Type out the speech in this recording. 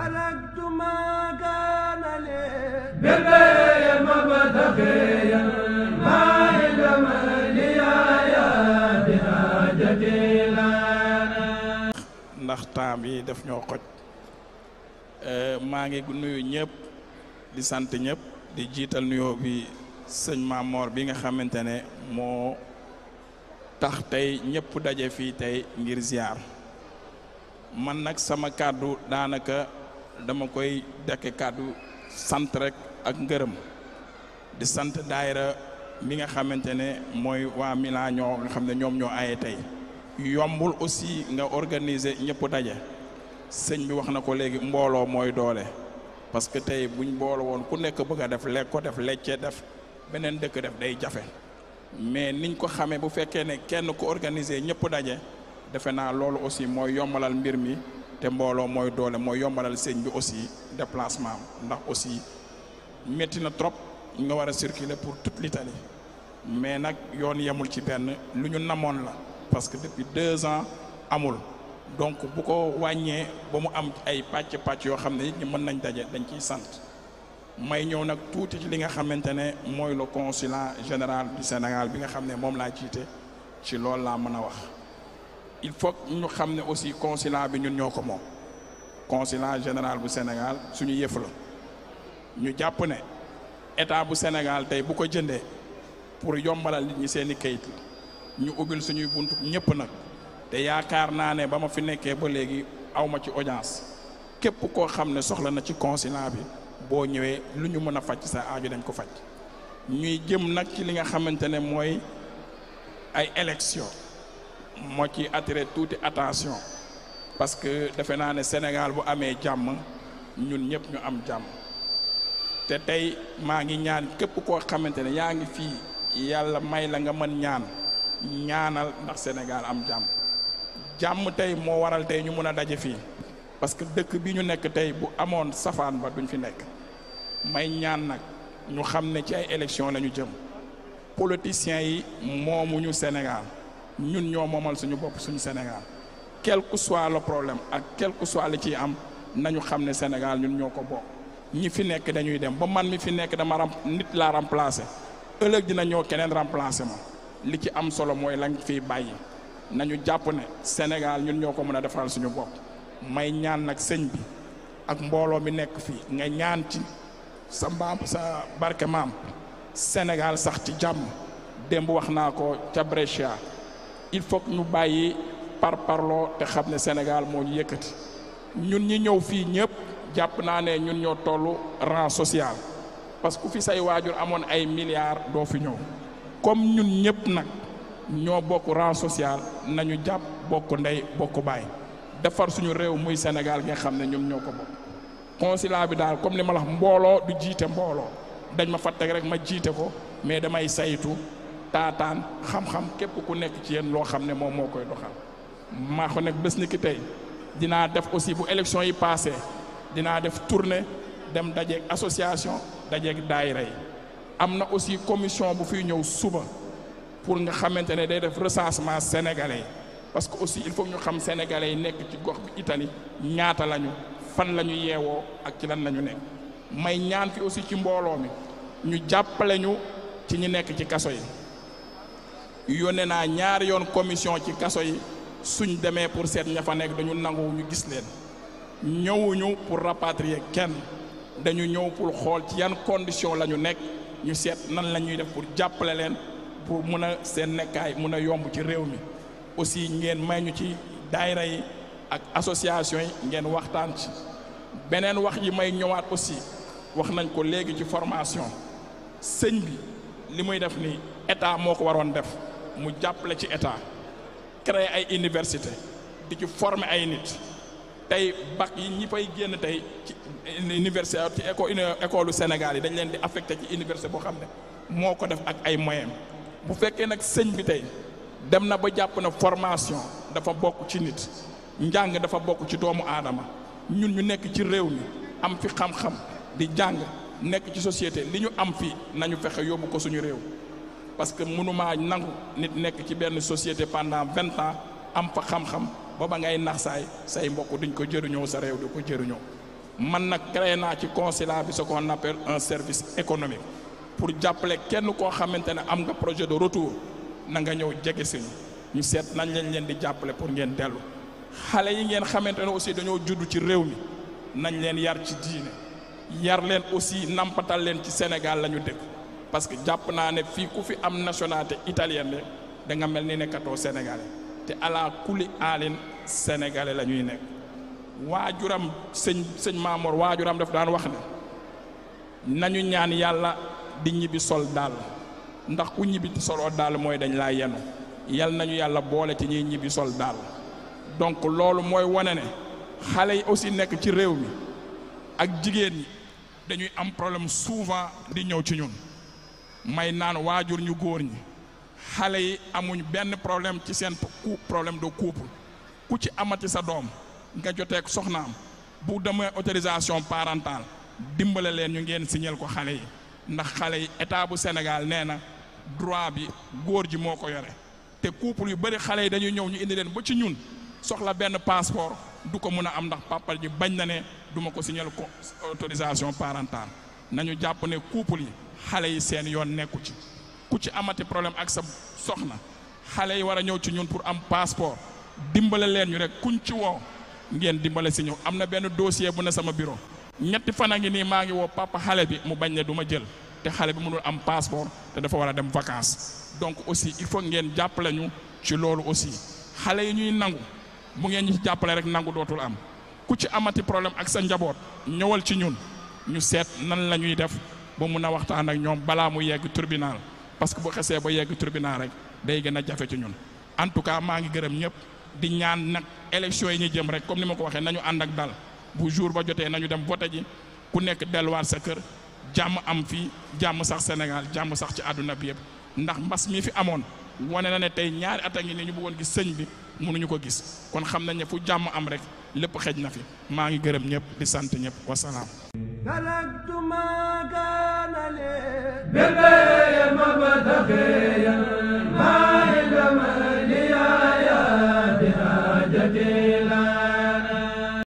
تركت ما كان لي بالبيع مبتغيا ما علم لي يا بحاجتي لنا ndax temps bi daf ñoo xoj eh, maa ngi nuyu ñëpp di sant ñëpp di jiital nuyoo bi sëñ Mamor bi nga xamante ne moo tax tey ñëpp daje fii tey ngir ziar man nag sama kàddu daanaka dama koy dekke kàddu sant rek ak ngërëm di sant daayira mi nga xamante ne mooy waa Milan ñoo nga xam ne ñoom ñoo aye tey yombul aussi nga organiser ñëpp daje sëñ bi wax na ko léegi mbooloo mooy doole parce que tey buñ boole woon ku nekk bëgg a def lekk ko def lecce def beneen dëkk def day jafe mais niñ ko xamee bu fekkee ne kenn ku organiser ñëpp daje defe naa loolu aussi mooy yombalal mbir mi te mbooloo mooy doole mooy yombalal seen bi aussi déplacement ndax aussi métti na trop nga war a circuler pour toute l'Italie mais nag yoon yemul ci benn lu ñu namoon la parce que depuis deux ans amul donc bu ko wàññee ba mu am ay pàcc pàcc yoo xam ne nit ñi mën nañ daje dañ ciy sant may ñëw nag tuuti ci li nga xamante ne mooy le consulat général du Sénégal bi nga xam ne moom laa jiite ci loolu laa mën a wax il faut ñu xam ne aussi consulat bi ñun ñoo ko moom consulat général bu Sénégal suñu yëf la ñu jàpp ne état bu Sénégal tey bu ko jëndee pour yombalal ñi seeni kayit ñu ubbil suñuy bunt ñëpp nag te yaakaar naa ne ba ma fi nekkee ba léegi awma ci audience képp koo xam ne soxla na ci consulat bi boo ñëwee lu ñu mën a faj sa aaju dañ ko faj ñuy jëm nag ci li nga xamante ne mooy ay élection moo ci attiré tuuti attention parce que defe naa ne Sénégal bu amee jàmm ñun ñëpp ñu am jàmm te tey maa ngi ñaan képp koo xamante ne yaa ngi fii yàlla may la nga mën ñaan ñaanal ndax Sénégal am jàmm jàmm tey moo waral tey ñu mun a daje fii parce que dëkk bi ñu nekk tey bu amoon safaan ba duñ fi nekk may ñaan nag ñu xam ne ci ay élection la ñu jëm politiciens yi moomuñu Sénégal ñun ñoo moomal suñu bopp suñu Sénégal quel que soit problème ak quel que li ciy am nañu xam ne Sénégal ñun ñoo ko bokk ñi fi nekk dañuy dem ba man mi fi nekk dama ram nit laa remplacer ëllëg dina ñëw keneen remplacer ma li ci am solo mooy lañ fiy bàyyi nañu jàpp ne Sénégal ñun ñoo ko mën a defaral suñu bopp may ñaan nag sëñ bi ak mbooloo mi nekk fii nga ñaan ci sa sa barke maam Sénégal sax ci jàmm démb wax naa ko ca Brescia il faut ñu bàyyi par parloo te xam ne Sénégal moo ñu yëkkati ñun ñi ñëw fii ñëpp jàpp naa ne ñun ñoo tollu rang social parce que ku fi say waajur amoon ay milliards doo fi ñëw comme ñun ñëpp nag ñoo bokk rang social nañu jàpp bokk ndey bokk baay defar suñu réew muy Sénégal nga xam ne ñun ñoo ko bokk consulat bi daal comme li ma la mbooloo du jiite mbooloo dañ ma fa teg rek ma jiite ko mais damay saytu taataan xam-xam képp ku nekk ci yéen loo xam ne moom moo koy doxal maa ko nekk bés ni ki tey dinaa def aussi bu élection yi passé dinaa def tournée dem dajeeg association dajeeg daayira yi am na aussi commission bu fiy ñëw suba pour nga xamante ne day def recensement sénégalais parce que aussi il faut ñu xam sénégalais yi nekk ci gox bi Italie ñaata lañu fan la ñu yeewoo ak ci lan la ñu nekk may ñaan fi aussi ci mbooloo mi ñu jàppale ñu ci ñi nekk ci kaso yi yónnee naa ñaari yoon commission ci kaso yi suñ demee pour seet ña fa nekk dañu nangu ñu gis leen ñëwuñu pour rapatrier kenn dañu ñëw pour xool ci yan condition la ñu nekk ñu seet nan la ñuy def pour jàppale leen pour mën a seen nekkaay mën a yomb ci réew mi aussi ngeen may ñu ci daayira ak association yi ngeen waxtaan ci beneen wax yi may ñëwaat aussi wax nañ ko léegi ci formation sëñ bi li muy def ni état moo ko waroon def mu jàppale ci état créer ay université di ci former ay nit tey bac yi ñi fay génn tey ci université ci école Sénégal yi dañ leen di affecté ci université boo xam ne moo ko def ak ay moyens bu fekkee nag sëñ bi tey dem na ba jàpp na formation dafa bokk ci nit njàng dafa bokk ci doomu aadama ñun ñu nekk ci réew mi am fi xam-xam di jàng nekk ci société li ñu am fii nañu fexe yóbbu ko suñu réew parce que mënumaa nangu nit nekk ci benn société pendant vingt ans am fa xam-xam ba ba ngay nax saay say mbokk duñ ko jëriñoo sa réew du ko jëriñoo man nag créé naa ci consulat bi ce nappel appelle un service économique pour jàppale kenn koo xamante ne am nga projet de retour na nga ñëw jege si ñu seet nañ lañ leen di jàppale pour ngeen dellu xale yi ngeen xamante ne aussi dañoo juddu ci réew mi nañ leen yar ci diine yar leen aussi nampatal leen ci Sénégal la ñu dëkk parce que jàpp naa ne fii ku fi am nationalité italienne de da nga mel ni nekkatoo sénégalais te ala kuli aalin sénégalais la ñuy nekk waajuram sëñ sëñ Maamoor waajuram daf daan wax ne nañu ñaan yàlla di ñibbi sol daal ndax ku ñibbi soloo daal mooy dañ laa yenu yal nañu yàlla boole ci ñuy ñibbi sol daal donc loolu mooy wane ne xale yi aussi nekk ci réew mi ak jigéen ñi dañuy am problème souvent di ñëw ci ñun may naan waajur ñu góor ñi xale yi amuñ benn problème ci seen problème de couple ku ci amati sa doom nga joteek soxnaam bu demee autorisation parentale dimbale leen ñu ngeen signal ko xale yi ndax xale yi état bu Sénégal nee na droit bi góor ji moo ko yore te couple yu bëri xale yi dañuy ñëw ñu indi leen ba ci ñun soxla benn passeport du ko mun a am ndax papa ji bañ na ne duma ko signal ko autorisation parentale nañu jàpp ne couple yi xale yi seen yoon nekku ci ku ci amati problème ak sa soxna xale yi war a ñëw ci ñun pour am passeport dimbale leen ñu rek kuñ ci woo ngeen dimbale si ñu am na benn dossier bu ne sama bureau ñetti fan a ngi nii maa ngi woo papa xale bi mu bañ ne du ma jël te xale bi mënul am passeport te dafa war a dem vacances donc aussi il faut ngeen jàppale ñu ci loolu aussi xale yi ñuy nangu bu ngeen ñu jàppale rek nangu dootul am ku ci amati problème ak sa njaboot ñëwal ci ñun ñu seet nan la ñuy def ba mun a waxtaan ak ñoom balaa mu yegg tribunal parce que boo xesee ba yegg tribinal rek day gën a jafe ci ñun en tout cas maa ngi gërëm ñëpp di ñaan nag élection yi ñu jëm rek comme ni ma ko waxee nañu ànd ak dal bu jour ba jotee nañu dem vote ji ku nekk delluwaat sa kër jàmm am fii jàmm sax Sénégal jàmm sax ci àdduna bi yëpp ndax mbas mi fi amoon wane na ne tey ñaari at a ngi ñu bëggoon gis sëñ bi mënuñu ko gis kon xam nañ ne fu jàmm am rek lépp xej na fi maa ngi gërëm ñëpp sant ñëpp تركت ما كان لي ببيع مبتخي